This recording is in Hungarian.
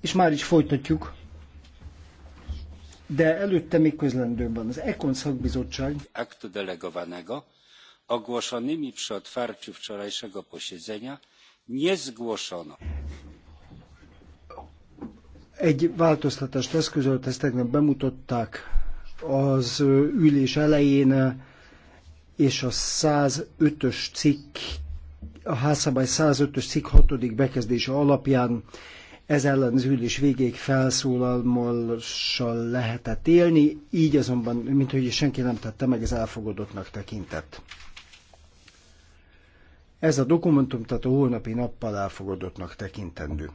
És már is folytatjuk, de előtte még közlendőben az Ekon szakbizottság aktu delegowanego ogłoszonymi przy otwarciu wczorajszego posiedzenia nie zgłoszono. Egy változtatást eszközölt, ezt tegnap bemutatták az ülés elején, és a 105-ös cikk a házszabály 105-ös cikk 6. bekezdése alapján ez ellen az ülés végéig felszólalmással lehetett élni, így azonban, mint hogy senki nem tette meg, ez elfogadottnak tekintett. Ez a dokumentum tehát a holnapi nappal elfogadottnak tekintendő.